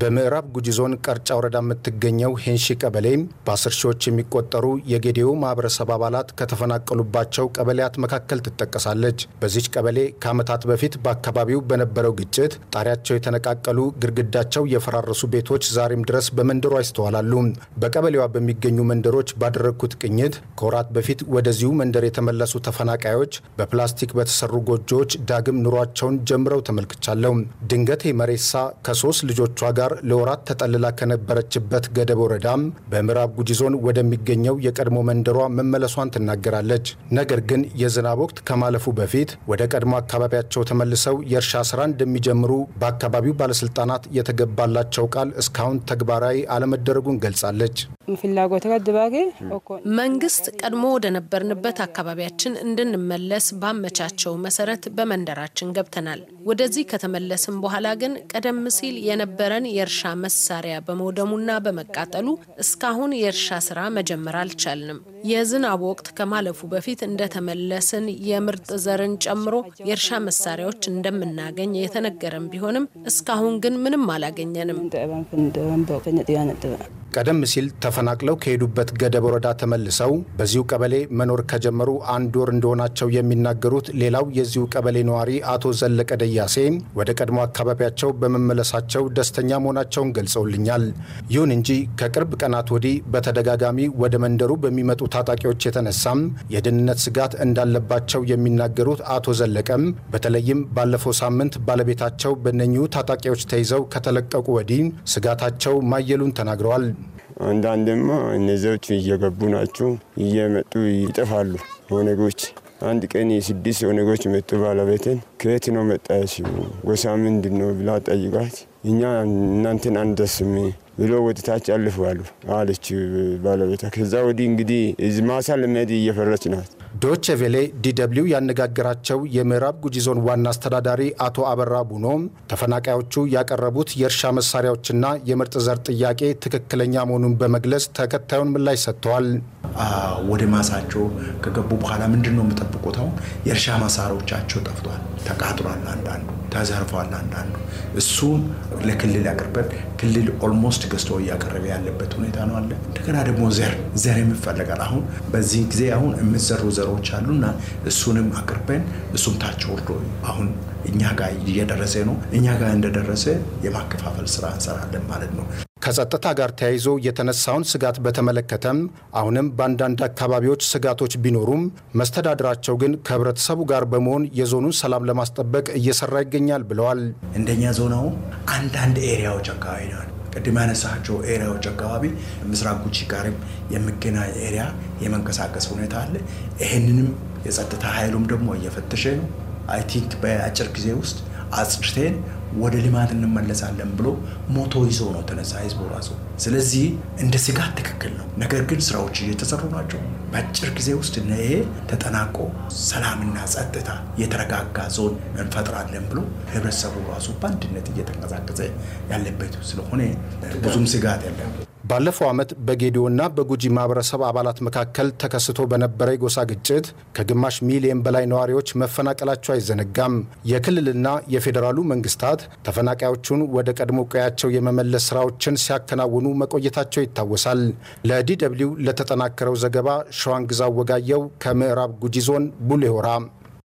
በምዕራብ ጉጂ ዞን ቀርጫ ወረዳ የምትገኘው ሄንሺ ቀበሌ በአስር ሺዎች የሚቆጠሩ የጌዴኦ ማህበረሰብ አባላት ከተፈናቀሉባቸው ቀበሌያት መካከል ትጠቀሳለች። በዚች ቀበሌ ከዓመታት በፊት በአካባቢው በነበረው ግጭት ጣሪያቸው የተነቃቀሉ፣ ግድግዳቸው የፈራረሱ ቤቶች ዛሬም ድረስ በመንደሯ ይስተዋላሉ። በቀበሌዋ በሚገኙ መንደሮች ባደረግኩት ቅኝት ከወራት በፊት ወደዚሁ መንደር የተመለሱ ተፈናቃዮች በፕላስቲክ በተሰሩ ጎጆዎች ዳግም ኑሯቸውን ጀምረው ተመልክቻለሁ። ድንገቴ መሬሳ ከሶስት ልጆቿ ጋር ጋር ለወራት ተጠልላ ከነበረችበት ገደብ ወረዳም በምዕራብ ጉጂ ዞን ወደሚገኘው የቀድሞ መንደሯ መመለሷን ትናገራለች። ነገር ግን የዝናብ ወቅት ከማለፉ በፊት ወደ ቀድሞ አካባቢያቸው ተመልሰው የእርሻ ስራ እንደሚጀምሩ በአካባቢው ባለስልጣናት የተገባላቸው ቃል እስካሁን ተግባራዊ አለመደረጉን ገልጻለች። መንግስት ቀድሞ ወደ ነበርንበት አካባቢያችን እንድንመለስ ባመቻቸው መሰረት በመንደራችን ገብተናል። ወደዚህ ከተመለስን በኋላ ግን ቀደም ሲል የነበረን የእርሻ መሳሪያ በመውደሙና በመቃጠሉ እስካሁን የእርሻ ስራ መጀመር አልቻልንም። የዝናብ ወቅት ከማለፉ በፊት እንደተመለስን የምርጥ ዘርን ጨምሮ የእርሻ መሳሪያዎች እንደምናገኝ የተነገረን ቢሆንም እስካሁን ግን ምንም አላገኘንም። ቀደም ሲል ተፈናቅለው ከሄዱበት ገደብ ወረዳ ተመልሰው በዚሁ ቀበሌ መኖር ከጀመሩ አንድ ወር እንደሆናቸው የሚናገሩት ሌላው የዚሁ ቀበሌ ነዋሪ አቶ ዘለቀ ደያሴ ወደ ቀድሞ አካባቢያቸው በመመለሳቸው ደስተኛ መሆናቸውን ገልጸውልኛል። ይሁን እንጂ ከቅርብ ቀናት ወዲህ በተደጋጋሚ ወደ መንደሩ በሚመጡ ታጣቂዎች የተነሳም የደህንነት ስጋት እንዳለባቸው የሚናገሩት አቶ ዘለቀም በተለይም ባለፈው ሳምንት ባለቤታቸው በነኚሁ ታጣቂዎች ተይዘው ከተለቀቁ ወዲህ ስጋታቸው ማየሉን ተናግረዋል። አንዳንድማ እነዚያዎች እየገቡ ናቸው፣ እየመጡ ይጠፋሉ ኦነጎች። አንድ ቀን የስድስት ኦነጎች መጡ። ባለቤትን ከየት ነው መጣ ሲሉ ጎሳ ምንድን ነው ብላ ጠይቃት፣ እኛ እናንተን አንደስም ብሎ ወጥታች አልፈዋሉ አለች ባለቤታ። ከዛ ወዲህ እንግዲህ ማሳ ልመድ እየፈረች ናት ዶች ቬሌ ዲደብሊው ያነጋገራቸው የምዕራብ ጉጂ ዞን ዋና አስተዳዳሪ አቶ አበራ ቡኖ ተፈናቃዮቹ ያቀረቡት የእርሻ መሳሪያዎችና የምርጥ ዘር ጥያቄ ትክክለኛ መሆኑን በመግለጽ ተከታዩን ምላሽ ሰጥተዋል። ወደ ማሳቸው ከገቡ በኋላ ምንድን ነው የምጠብቁት? አሁን የእርሻ ማሳሮቻቸው ጠፍቷል፣ ተቃጥሏል፣ አንዳንዱ ተዘርፏል፣ አንዳንዱ እሱ ለክልል ያቅርበን ክልል ኦልሞስት ገዝቶ እያቀረበ ያለበት ሁኔታ ነው አለ። እንደገና ደግሞ ዘር ዘር የምፈለጋል። አሁን በዚህ ጊዜ አሁን የምዘሩ ዘሮች አሉና እሱንም አቅርበን እሱም ታች ወርዶ አሁን እኛ ጋር እየደረሰ ነው። እኛ ጋር እንደደረሰ የማከፋፈል ስራ እንሰራለን ማለት ነው። ከጸጥታ ጋር ተያይዞ የተነሳውን ስጋት በተመለከተም አሁንም በአንዳንድ አካባቢዎች ስጋቶች ቢኖሩም መስተዳድራቸው ግን ከህብረተሰቡ ጋር በመሆን የዞኑን ሰላም ለማስጠበቅ እየሰራ ይገኛል ብለዋል። እንደኛ ዞናው አንዳንድ ኤሪያዎች አካባቢ ነው ቅድም ያነሳቸው ኤሪያዎች አካባቢ ምስራቅ ጉጂ ጋርም የሚገናኝ ኤሪያ የመንቀሳቀስ ሁኔታ አለ። ይህንንም የጸጥታ ኃይሉም ደግሞ እየፈተሸ ነው። አይ ቲንክ በአጭር ጊዜ ውስጥ አጽድተን ወደ ልማት እንመለሳለን ብሎ ሞቶ ይዞ ነው ተነሳ ህዝቡ ራሱ። ስለዚህ እንደ ስጋት ትክክል ነው፣ ነገር ግን ስራዎች እየተሰሩ ናቸው። በአጭር ጊዜ ውስጥ ይሄ ተጠናቆ ሰላምና ጸጥታ የተረጋጋ ዞን እንፈጥራለን ብሎ ህብረተሰቡ ራሱ በአንድነት እየተንቀሳቀሰ ያለበት ስለሆነ ብዙም ስጋት የለም። ባለፈው ዓመት በጌዲዮና በጉጂ ማህበረሰብ አባላት መካከል ተከስቶ በነበረ የጎሳ ግጭት ከግማሽ ሚሊየን በላይ ነዋሪዎች መፈናቀላቸው አይዘነጋም። የክልልና የፌዴራሉ መንግስታት ተፈናቃዮቹን ወደ ቀድሞ ቀያቸው የመመለስ ስራዎችን ሲያከናውኑ መቆየታቸው ይታወሳል። ለዲደብሊው ለተጠናከረው ዘገባ ሸዋንግዛ ወጋየው ከምዕራብ ጉጂ ዞን ቡሌሆራ